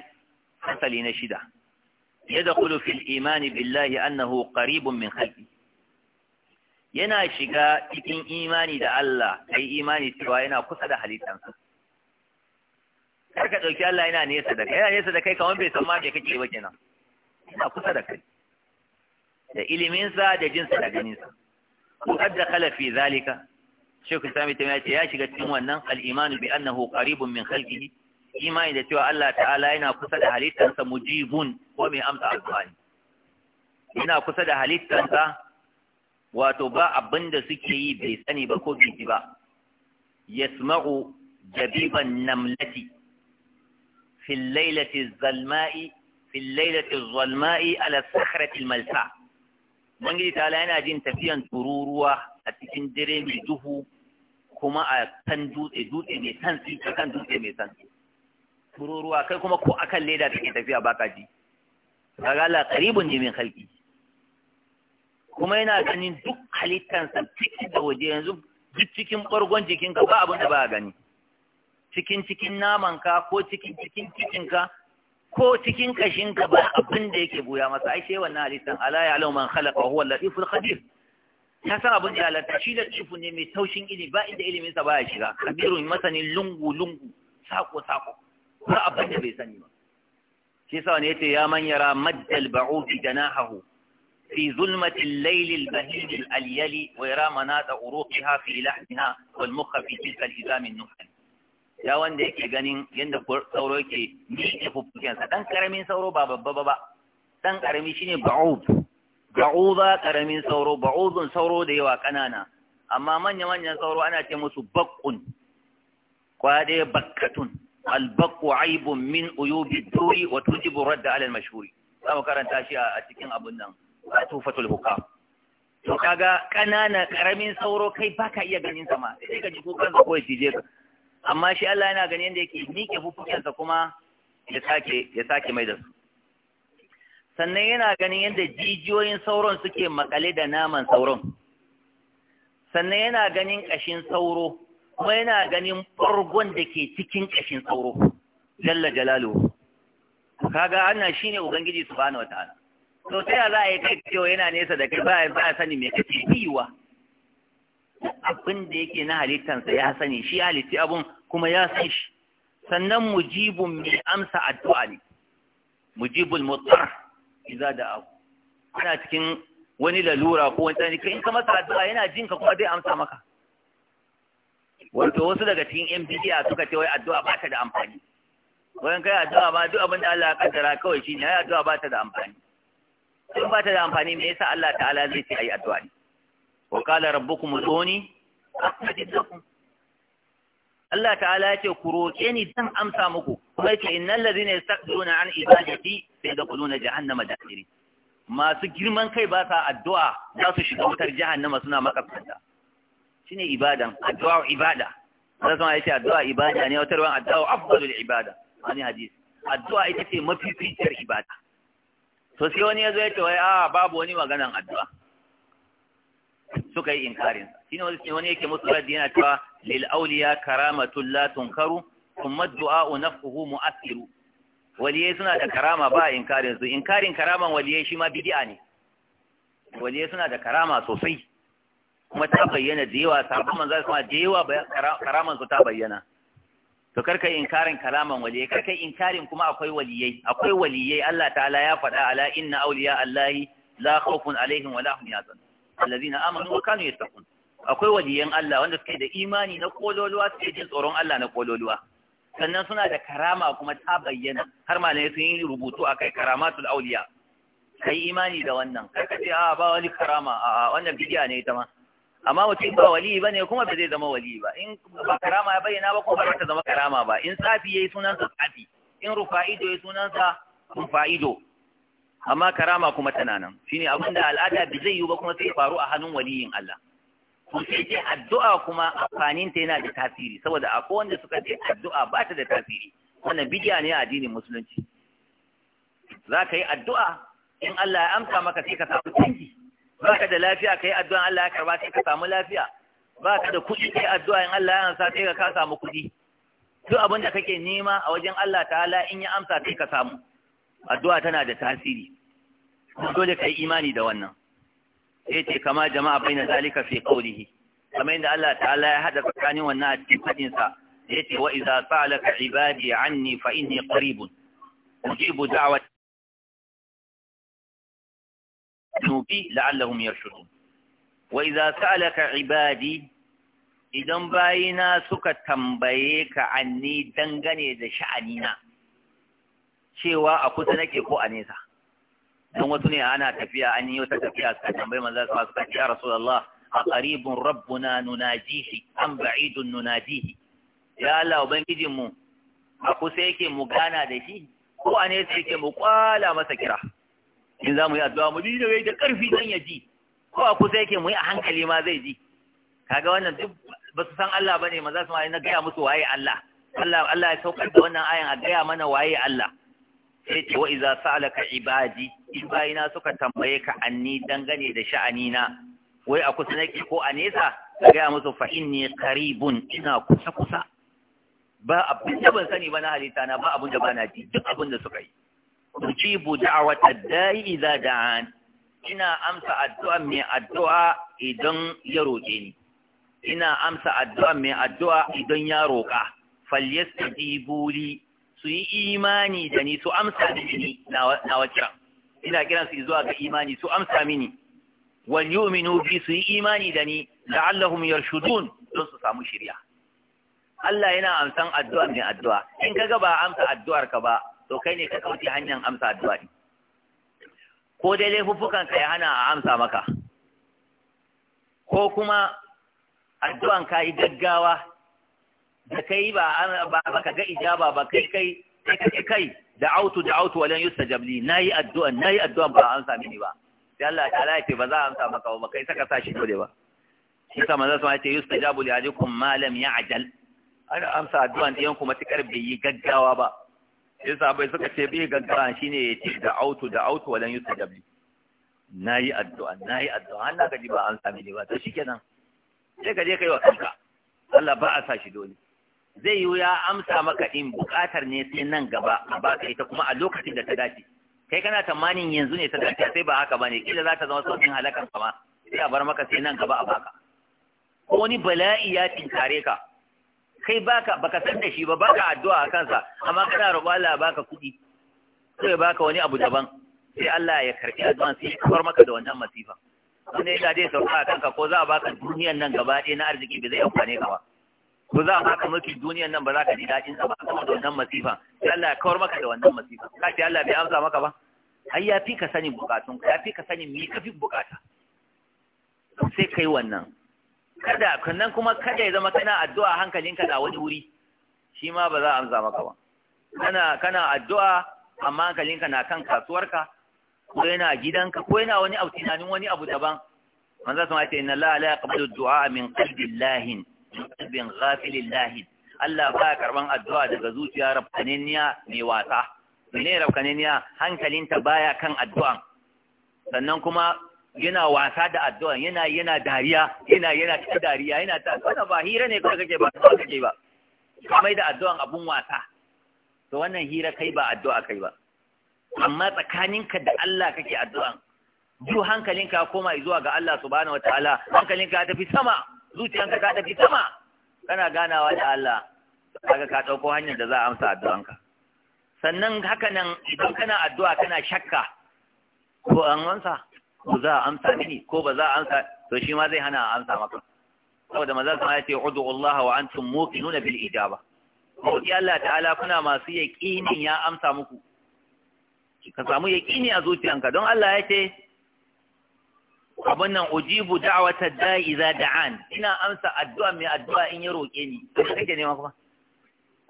A: fasali na shida يدخل fil الإيمان billahi annahu قريب من خلقه yana shiga cikin imani da Allah kai imani cewa yana kusa da halittansa kar ka dauki Allah yana nesa da kai yana nesa da kai kamar bai san ma me kake ba kenan ina kusa da kai da iliminsa da jinsa da ganinsa ko adda kala fi zalika shek islami ta ce ya shiga cikin wannan al-iman bi annahu qaribun min khalqihi imani da cewa Allah ta'ala yana kusa da halittarsa mujibun ko mai amsa al-du'ani ina kusa da halittarsa wato ba abinda suke yi bai sani ba ko bai ji ba yasma'u jabiban namlati fil lailati zalma'i في الليلة الظلماء على الصخرة الملساء Ubangiji ta yana jin tafiyan tururuwa a cikin dare mai duhu kuma a kan dutse dutse mai santsi a kan dutse mai santsi. Tururuwa kai kuma ko akan leda da ke tafiya baka ji. Kaga Allah qaribun ne min Kuma yana ganin duk halittansa ciki da waje yanzu duk cikin bargon jikinka ba abin ba a gani. Cikin cikin namanka ko cikin cikin cikinka ko cikin kashinka ba abin da yake buya masa ai sai wannan halittan ala ya lau man khalaqa huwa al-latiful khabir ya san abin da halatta shi latifu ne mai taushin ilimi ba inda ilimin sa baya shiga kabirun masanin lungu lungu sako sako ba abin da bai sani ba shi sa ne yace ya man yara maddal ba'ufi danahu في ظلمة الليل البهيج الأليل ويرى مناط عروقها في fi والمخ في تلك الإزام النحل ya wanda yake ganin yadda sauro yake miƙe fuffukensa ɗan ƙaramin sauro ba babba ba ɗan ƙarami shine ba'ud ba'uza ƙaramin sauro ba'uzun sauro da yawa ƙanana amma manya-manyan sauro ana ce musu baƙun da bakkatun albaƙu aibun min uyubi duri wa tujibu radda alal mashhuri za karanta shi a cikin abun nan a tufatul hukam to kaga ƙanana ƙaramin sauro kai baka iya ganin sama sai ka ji kokarin ko ya cije ka amma shi Allah yana ganin yadda yake miƙe hukuncinsa kuma ya sake ya sake mai da su sannan yana ganin yadda jijiyoyin sauron suke makale da naman sauron sannan yana ganin ƙashin sauro kuma yana ganin ɓargon da ke cikin ƙashin sauro jalla jalalu kaga annan shine ubangiji subhanahu wataala to sai za a yi kai cewa yana nesa da kai ba ya sani me kake wa. abin da yake na halittansa ya sani shi halitti abun kuma ya san shi sannan mujibun mai amsa addu'a ne mujibul mutar iza da abu ana cikin wani lalura ko wani tsanani kai in ka masa addu'a yana jin ka kuma zai amsa maka wato wasu daga cikin yan bidiya suka ce wai addu'a ba ta da amfani wayan kai addu'a ba duk abin da Allah ya kaddara kawai shine ne addu'a ba ta da amfani in ba ta da amfani me yasa Allah ta'ala zai ce ai addu'a ne wa qala rabbukum uduni astajib lakum Allah ta'ala yace ku roƙe ni zan amsa muku kuma yace innal ladhina yastakbiruna an ibadati sayadkhuluna jahannama dakhiri masu girman kai ba sa addu'a za su shiga wutar jahannama suna makafanta shine ibadan addu'a ibada sai kuma yace addu'a ibada ne wata ruwan addu'a afdalul ibada wani hadisi addu'a ita ce mafificiyar ibada to sai wani yazo yace a ah, babu wani maganan addu'a suka yi inkarin shine wani wani yake musu raddi yana cewa lil awliya karamatul la tunkaru kuma du'a nafsuhu mu'assiru waliyai suna da karama ba inkarin su inkarin karaman waliyai shi ma bid'a ne waliyai suna da karama sosai kuma ta bayyana da yawa sabon manzo kuma da yawa karaman su ta bayyana to karkai inkarin kalaman waliyai karkai inkarin kuma akwai waliyai akwai waliyai Allah ta'ala ya faɗa ala inna awliya Allahi la khawfun alaihim wa la hum yahzanun allazina amanu wa kanu yattaqun akwai wajiyan Allah wanda suke da imani na kololuwa suke jin tsoron Allah na kololuwa sannan suna da karama kuma ta bayyana har malamai sun yi rubutu a akai karamatul auliya kai imani da wannan kai ka ce a ba wani karama a wannan bidiya ne ita ma amma mutum ba wali ba ne kuma ba zai zama wali ba in ba karama ya bayyana ba kuma ba ta zama karama ba in tsafi ya yi sunansa tsafi in rufa'ido yayi sunansa rufa'ido amma karama kuma tana nan shine abin da al'ada bi zai yi ba kuma sai faru a hannun waliyin Allah to sai dai addu'a kuma amfanin ta yana da tasiri saboda akwai wanda suka ce addu'a ba ta da tasiri wannan bidiya ne a addinin musulunci za ka yi addu'a in Allah ya amsa maka sai ka samu canji ba ka da lafiya ka yi addu'a Allah ya karba sai ka samu lafiya ba ka da kuɗi ka yi addu'a in Allah ya amsa sai ka samu kuɗi duk abin da kake nema a wajen Allah ta'ala in ya amsa sai ka samu addu'a tana da tasiri kuma dole ka yi imani da wannan sai ce kama jama'a bai na zalika fi qawlihi kamar yadda Allah ta'ala ya hada tsakanin wannan a cikin fadin sa yace wa idza sa'alaka ibadi anni fa inni qaribun ujibu da'wat nubi la'allahum yarshudun wa idza sa'alaka ibadi idan bayina suka tambaye ka anni dangane da sha'anina cewa a kusa nake ko a nesa don wasu ne ana tafiya an yi wata tafiya suka tambayi manzo sa suka ce ya rasulullah aqaribun rabbuna nunajihi am ba'idun nunajihi ya Allah ubangijin mu a kusa yake mu gana da shi ko a ne yake mu kwala masa kira in za mu yi addu'a mu ji da karfi dan ya ji ko a kusa yake mu yi a hankali ma zai ji kaga wannan duk ba su san Allah bane maza su ma na gaya musu waye Allah Allah Allah ya saukar da wannan ayan a gaya mana waye Allah sai ce wa iza sa'alaka ibadi in bayina suka tambaye ka anni dangane da sha'ani na wai a kusa nake ko a nesa ka gaya musu fa inni qaribun ina kusa kusa ba abin da ban sani ba na halitta na ba abin da ba na ji duk abin da suka yi wata da'wata da'i da da'an ina amsa addu'a mai addu'a idan ya roƙe ni ina amsa addu'a mai addu'a idan ya roƙa falyasta su yi imani da ni su amsa mini na waccan ina kiran su zuwa ga imani su amsa mini wal yu'minu bi su yi imani da ni la'allahum yarshudun don su samu shirya Allah yana amsan addu'a mai addu'a in kaga ba amsa addu'ar ka ba to kai ne ka kauce hanyar amsa addu'a din ko dai laifuffukan ka ya hana a amsa maka ko kuma addu'an ka yi gaggawa da kai ba ba ka ga ijaba ba kai kai kai kai da autu walan yustajab li nayi addu'a nayi addu'a ba an sami ni ba sai Allah ya ya ce ba za a amsa maka ba kai saka sashi dole ba shi sa manzo sai ya ce yustajabu li ajikum ma lam ya'jal ana amsa addu'a din ku matakar bai yi gaggawa ba yasa bai suka ce bai gaggawa shine ya ce da autu walan yustajab li nayi addu'a nayi addu'a Allah gaji ba an sami ni ba to shikenan sai ka je kai wa kanka Allah ba a sa shi dole zai yi ya amsa maka in bukatar ne sai nan gaba a baka ita kuma a lokacin da ta dace kai kana tamanin yanzu ne ta dace sai ba haka ba ne kila za ta zama sauƙin halakar kama sai a bar maka sai nan gaba a baka ko wani bala'i ya tinkare ka kai baka baka san da shi ba baka addu'a a kansa amma kana roƙo Allah ya baka kuɗi ko ya baka wani abu daban sai Allah ya karɓi addu'an sai ya kawar maka da wannan masifa wanda ya dace sauka a kanka ko za a baka duniyan nan gaba ɗaya na arziki ba zai amfane ka ba ko za a haka mafi duniyan nan ba za ka ji daɗin sa ba da wannan masifa sai Allah ya kawar maka da wannan masifa ka ce Allah bai amsa maka ba ai ya fi ka sanin bukatun ya fi ka sanin me ka fi bukata sai kai wannan kada kannan kuma kada ya zama kana addu'a hankalinka da wani wuri shi ma ba za a amsa maka ba kana kana addu'a amma hankalinka na kan kasuwarka ko yana gidanka ko yana wani abu tunanin wani abu daban manzo sun ce inna la la yaqbalu du'a min qalbi lahin bin ghafilin lahi Allah ba karban addu'a daga zuciya rafkaniniya mai wasa ne rafkaniniya hankalinta baya kan addu'an sannan kuma yana wasa da addu'an yana yana dariya yana yana cikin dariya yana ta wannan ba hira ne kuma kake ba kawai kake ba kamar da addu'an abun wasa to wannan hira kai ba addu'a kai ba amma tsakaninka da Allah kake addu'an ju hankalinka koma zuwa ga Allah subhanahu wataala hankalinka ta fi sama zuciyanka ka tafi sama kana ganawa da Allah kaga ka ɗauko hanyar da za a amsa addu'anka sannan haka nan idan kana addu'a kana shakka ko an amsa ko za a amsa mini ko ba za a amsa to shi ma zai hana a amsa maka saboda maza sun ya ce udu Allah wa antum muqinun bil ijaba ko ki Allah ta'ala kuna masu yaqinin ya amsa muku ka samu yaqini a zuciyanka don Allah ya ce abin nan ujibu da'wata da'i idza da'an ina amsa addu'a mai addu'a in ya roke ni to kake nema kuma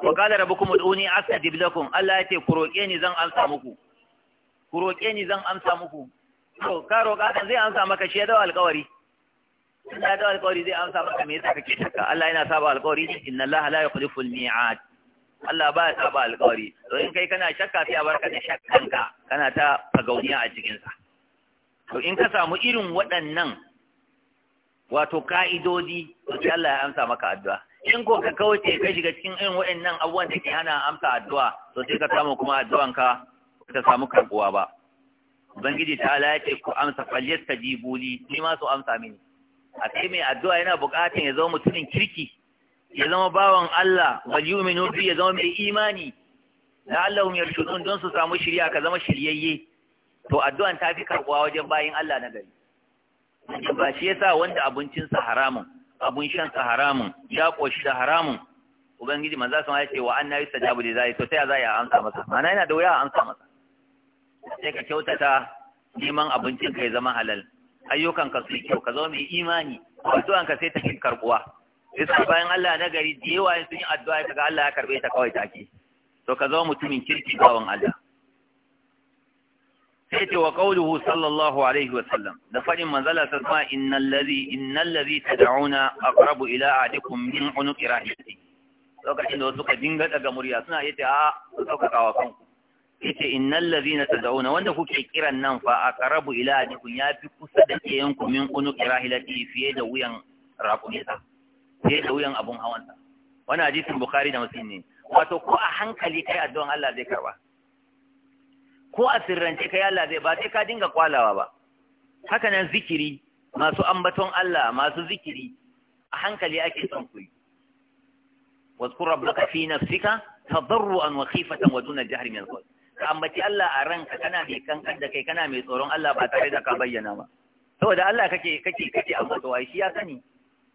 A: wa qala rabbukum ud'uni astajib lakum Allah ya ce ku roke ni zan amsa muku ku roke ni zan amsa muku to ka roka kan zai amsa maka shi da alƙawari ina da alƙawari zai amsa maka me yasa kake shakka Allah yana saba alƙawari inna Allah la yukhlifu al-mi'ad Allah ba ya saba alƙawari to in kai kana shakka sai a barka da shakkanka kana ta fagauniya a cikin sa to in ka samu irin waɗannan wato ka'idodi to sai Allah ya amsa maka addu'a in ko ka kauce ka shiga cikin irin waɗannan abubuwan da ke hana amsa addu'a to sai ka samu kuma addu'anka ta samu karbuwa ba ubangiji ta ala ya ce ku amsa ji jibuli ni ma su amsa mini a ce mai addu'a yana buƙatar ya zama mutumin kirki ya zama bawan Allah waliyu minubi ya zama mai imani la allahum yarshudun don su samu shirya ka zama shiryayye to addu'an ta fi karbuwa wajen bayin Allah na gari ba shi yasa wanda sa haramun abun shan sa haramun ya koshi da haramun ubangiji manzo sun ya ce wa anna yustajabu da zai to sai za ya amsa masa ana yana da wuya a amsa masa sai ka kyautata neman abincin ka ya zama halal ayyukan ka su kyau ka zama mai imani addu'an ka sai ta fi karbuwa sai bayan Allah na gari da yawa sun yi addu'a kaga Allah ya karbe ta kawai take to ka zama mutumin kirki bawan Allah sai ce wa qauluhu sallallahu alaihi wa sallam da fadin manzala ta sama innal ladhi innal ladhi tad'una aqrabu ila ahadikum min unuqi rahilati lokacin da wasu ka dinga daga murya suna yace a saukaka wa kanku yace innal ladhina tad'una wanda kuke kiran nan fa aqrabu ila ahadikum yafi kusa da kiyanku min unuqi rahilati fiye da wuyan raƙumisa fiye da wuyan abun hawan hawansa wannan hadisin bukhari da muslim ne wato ko a hankali kai addu'an Allah zai karba ko a sirrance kai Allah zai ba sai ka dinga kwalawa ba haka nan zikiri masu ambaton Allah masu zikiri a hankali ake son ku yi wa khifatan wa dun al-jahri min al-qawl Ka ambaci Allah a ranka kana mai kankan da kai kana mai tsoron Allah ba tare da ka bayyana ba saboda Allah kake kake kake ambato ai shi ya sani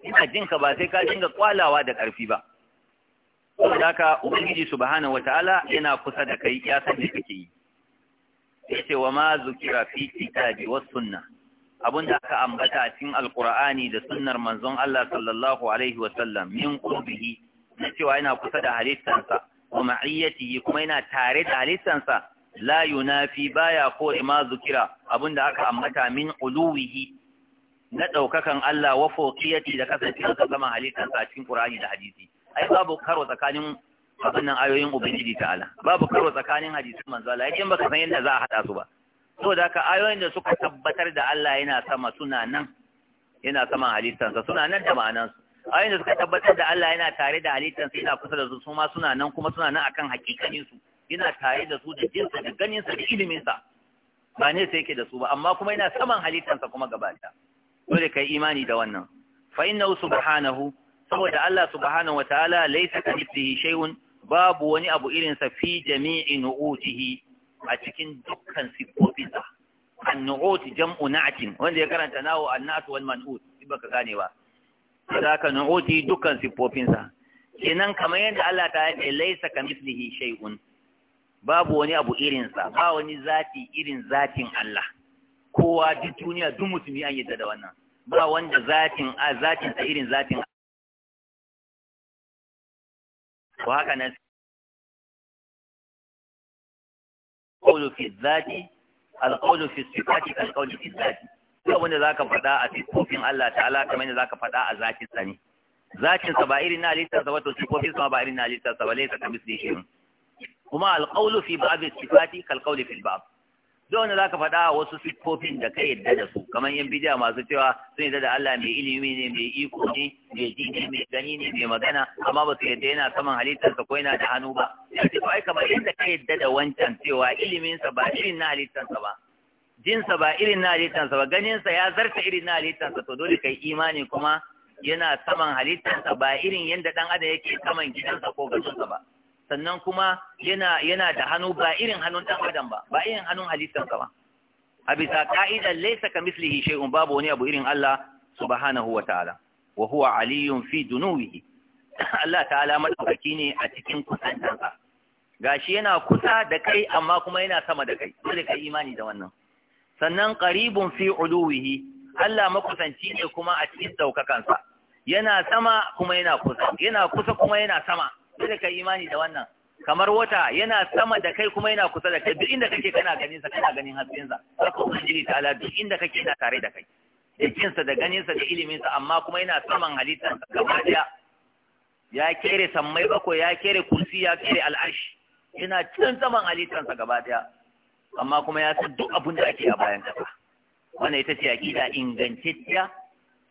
A: ina jin ka ba sai ka dinga kwalawa da karfi ba saboda ka ubangiji subhanahu wataala yana kusa da kai ya san me kake yi yace wa ma zukira fi kitabi was sunna abunda aka ambata a cikin alqur'ani da sunnar manzon Allah sallallahu alaihi wa sallam min qurbihi na cewa yana kusa da halittansa wa ma'iyatihi kuma yana tare da halittansa la yunafi baya kore ma zukira abunda aka ambata min uluwihi na daukakan Allah wa fawqiyati da kasancewa sama halittansa a cikin qur'ani da hadisi ai babu karo tsakanin waɗannan ayoyin ubangiji ta'ala babu karo tsakanin hadisin manzo Allah ba baka san yadda za a hada su ba da ka ayoyin da suka tabbatar da Allah yana sama suna nan yana sama halittansa suna nan da ma'anansu ayoyin da suka tabbatar da Allah yana tare da halittansa yana kusa da su kuma suna nan kuma suna nan akan hakikanin su yana tare da su da jinsa da ganinsa da iliminsa ba ne sai yake da su ba amma kuma yana saman halittansa kuma gaba ɗaya dole kai imani da wannan fa innahu subhanahu saboda Allah subhanahu wataala laysa kamithlihi shay'un babu wani abu irinsa fi jami'i nu'utihi a cikin dukkan siffofinsa an-nu'ut jam'u na'atin wanda ya karanta nawo an-na'at wal man'ut baka gane ba sadaka nu'uti dukkan siffofinsa kenan kamar yadda Allah ta ce laisa kamithlihi shay'un babu wani abu irinsa ba wani zati irin zatin Allah kowa duk duniya duk mutumi an yadda da wannan ba wanda zatin a zatin sa irin zatin وهكذا haka قول في الذات القول في الصفات القول في الذات ko wanda zaka fada a sifofin Allah ta'ala kamar yadda zaka fada a zakin sani zakin sa ba irin na halittar sa ba to sifofin sa ba irin na halittar sa ba laysa kamithlihi kuma alqawlu fi ba'd sifati kal qawli fil ba'd duk za ka faɗa wasu siffofin da ka yadda da su kamar yan bidiya masu cewa sun yadda da Allah mai ilimi ne mai iko ne mai ji mai gani ne mai magana amma ba su yadda yana saman halittarsa ko yana da hannu ba sai ai kamar yadda ka yadda da wancan cewa iliminsa ba irin na halittarsa ba jinsa ba irin na halittarsa ba ganinsa ya zarta irin na halittarsa to dole kai imani kuma yana saman halittarsa ba irin yadda dan adam yake saman gidansa ko gashinsa ba sannan kuma yana yana da hannu ba irin hannun dan adam ba ba irin hannun halittar ba a bisa ka'idan laysa mislihi shay'un babu wani abu irin Allah subhanahu wa ta'ala wa huwa aliyun fi dunuwihi *coughs* Allah ta'ala madaukaki ne a cikin kusantansa gashi yana kusa da kai amma kuma yana sama da kai dole ka imani da wannan sannan qaribun fi uluwihi Allah makusanci ne kuma a cikin daukakansa yana sama kuma yana kusa yana kusa kuma yana sama sai ka imani da wannan kamar wata yana sama da kai kuma yana kusa da kai duk inda kake kana ganin sa kana ganin hasken sa haka jini ta Allah duk inda kake yana tare da kai yakin sa da ganin sa da ilimin sa amma kuma yana saman halittar sa gaba daya ya kere sammai bako ya kere kursi ya kere al'ashi, yana cikin saman halittar sa gaba daya amma kuma ya san duk abin da ake a bayan kasa wannan ita ce aqida ingantacciya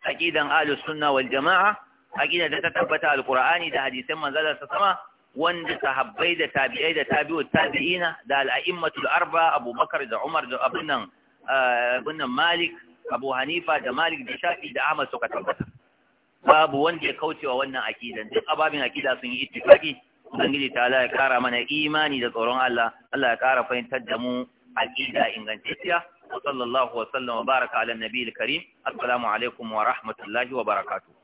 A: aqidan ahlus sunna wal jamaa aqida da ta tabbata alqur'ani da hadisan manzala ta sama wanda sahabbai da tabi'ai da tabi'ut tabi'ina da al'a'immatul arba Abu Bakar da Umar da Abu nan eh, Abu nan Malik Abu Hanifa da Malik da Shafi da Ahmad suka tabbata babu wanda ya kauce wa wannan aqidan duk ababin aqida sun yi ittifaqi Ubangiji ta Allah ya kara mana imani da tsoron Allah Allah ya kara fahimtar da mu aqida ingantacciya wa sallallahu wa sallam wa baraka ala nabiyil karim assalamu alaikum wa rahmatullahi wa barakatuh